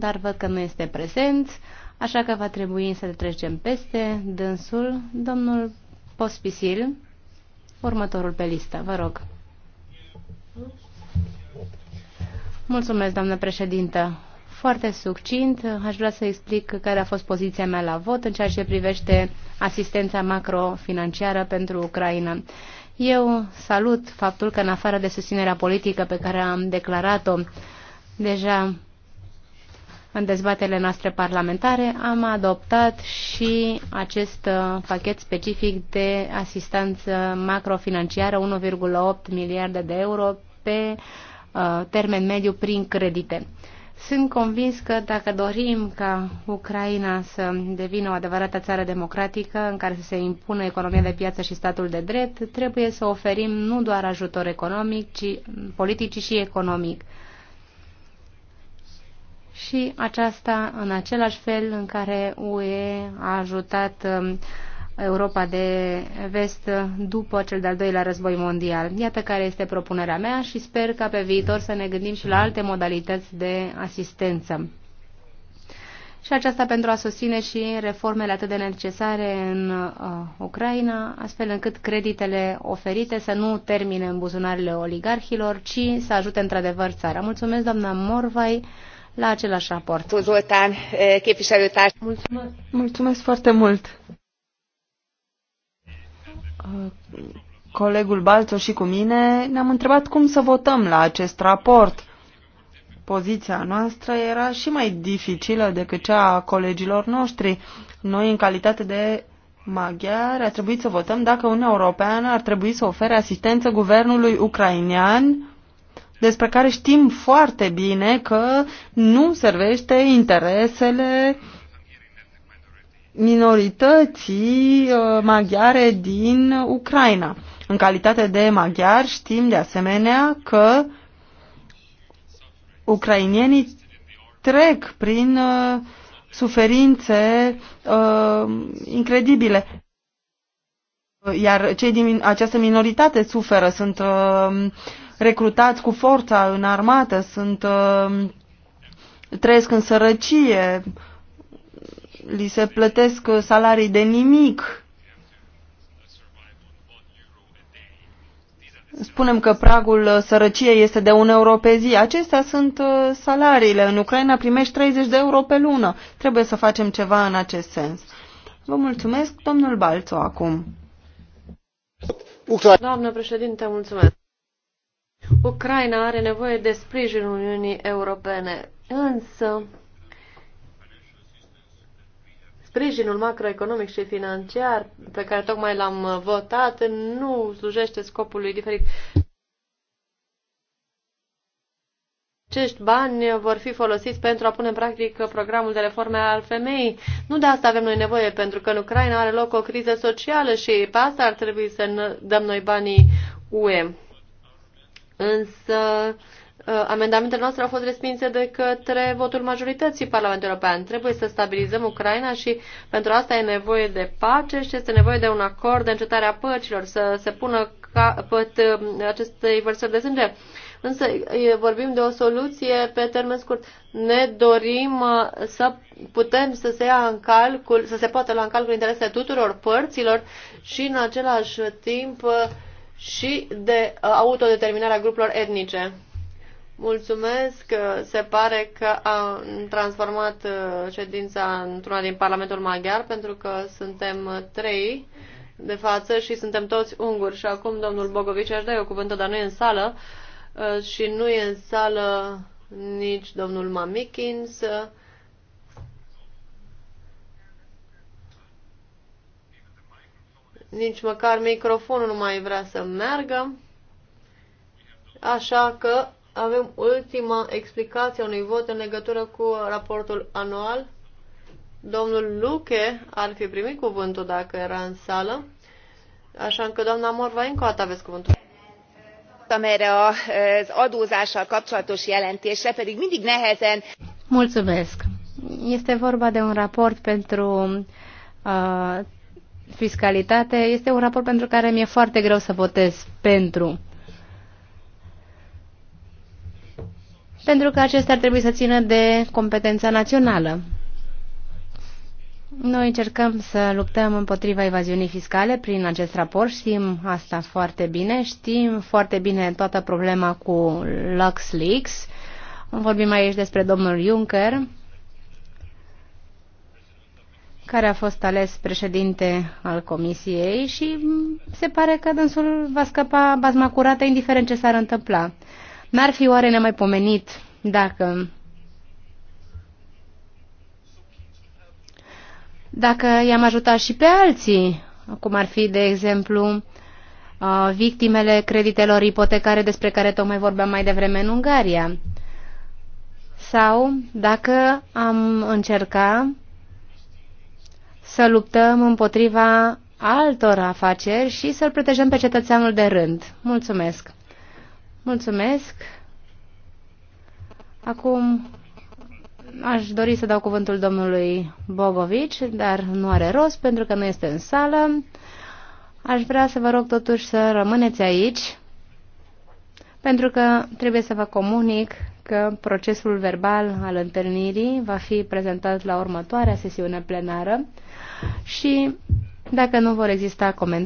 dar văd că nu este prezent, așa că va trebui să trecem peste dânsul, domnul Pospisil, următorul pe listă, vă rog. Mulțumesc, doamnă președintă. Foarte succint, aș vrea să explic care a fost poziția mea la vot în ceea ce privește asistența macrofinanciară pentru Ucraina. Eu salut faptul că, în afară de susținerea politică pe care am declarat-o deja în dezbaterile noastre parlamentare, am adoptat și acest uh, pachet specific de asistență macrofinanciară, 1,8 miliarde de euro pe uh, termen mediu prin credite. Sunt convins că dacă dorim ca Ucraina să devină o adevărată țară democratică în care să se impună economia de piață și statul de drept, trebuie să oferim nu doar ajutor economic, ci politic, ci și economic și aceasta în același fel în care UE a ajutat um, Europa de vest după cel de-al doilea război mondial. Iată care este propunerea mea și sper ca pe viitor să ne gândim și la alte modalități de asistență. Și aceasta pentru a susține și reformele atât de necesare în uh, Ucraina, astfel încât creditele oferite să nu termine în buzunarele oligarhilor, ci să ajute într-adevăr țara. Mulțumesc, doamna Morvai la același raport. Zoltán, eh, Mulțumesc. Mulțumesc foarte mult. Eh, colegul Balțo și cu mine ne-am întrebat cum să votăm la acest raport. Poziția noastră era și mai dificilă decât cea a colegilor noștri. Noi, în calitate de maghiari, a trebuit să votăm dacă Uniunea Europeană ar trebui să ofere asistență guvernului ucrainean despre care știm foarte bine că nu servește interesele minorității uh, maghiare din Ucraina. În calitate de maghiar știm de asemenea că ucrainienii trec prin uh, suferințe uh, incredibile iar cei din această minoritate suferă, sunt uh, recrutați cu forța în armată, sunt uh, trăiesc în sărăcie, li se plătesc uh, salarii de nimic. Spunem că pragul uh, sărăciei este de un euro pe zi. Acestea sunt uh, salariile. În Ucraina primești 30 de euro pe lună. Trebuie să facem ceva în acest sens. Vă mulțumesc, domnul Balțo, acum. Doamnă președinte, mulțumesc. Ucraina are nevoie de sprijinul Uniunii Europene, însă sprijinul macroeconomic și financiar pe care tocmai l-am votat nu slujește scopului diferit. acești bani vor fi folosiți pentru a pune în practic programul de reforme al femeii. Nu de asta avem noi nevoie, pentru că în Ucraina are loc o criză socială și pe asta ar trebui să dăm noi banii UE. Însă uh, amendamentele noastre au fost respinse de către votul majorității Parlamentului European. Trebuie să stabilizăm Ucraina și pentru asta e nevoie de pace și este nevoie de un acord de încetare a păcilor, să se pună capăt um, acestei vărsări de sânge însă vorbim de o soluție pe termen scurt. Ne dorim uh, să putem să se ia în calcul, să se poată lua în calcul interesele tuturor părților și în același timp uh, și de uh, autodeterminarea grupurilor etnice. Mulțumesc. Se pare că am transformat ședința într-una din Parlamentul Maghiar pentru că suntem trei de față și suntem toți unguri. Și acum domnul Bogovici aș da eu cuvântul, dar nu e în sală. Uh, și nu e în sală nici domnul Mamikins. Nici măcar microfonul nu mai vrea să meargă. Așa că avem ultima explicație a unui vot în legătură cu raportul anual. Domnul Luche ar fi primit cuvântul dacă era în sală. Așa că doamna Morva, încă o dată aveți cuvântul választottam erre az adózással kapcsolatos jelentésre pedig mindig nehezen. Mulțumesc. Este vorba de un raport pentru uh, fiscalitate. Este un raport pentru care mi-e foarte greu să votez pentru. Pentru că acesta ar trebui să țină de competența națională. Noi încercăm să luptăm împotriva evaziunii fiscale prin acest raport, știm asta foarte bine, știm foarte bine toată problema cu LuxLeaks. Vorbim aici despre domnul Juncker, care a fost ales președinte al Comisiei și se pare că dânsul va scăpa bazma curată indiferent ce s-ar întâmpla. N-ar fi oare nemaipomenit dacă dacă i-am ajutat și pe alții, cum ar fi, de exemplu, uh, victimele creditelor ipotecare despre care tocmai vorbeam mai devreme în Ungaria, sau dacă am încerca să luptăm împotriva altor afaceri și să-l protejăm pe cetățeanul de rând. Mulțumesc! Mulțumesc! Acum Aș dori să dau cuvântul domnului Bogovici, dar nu are rost pentru că nu este în sală. Aș vrea să vă rog totuși să rămâneți aici, pentru că trebuie să vă comunic că procesul verbal al întâlnirii va fi prezentat la următoarea sesiune plenară și dacă nu vor exista comentarii,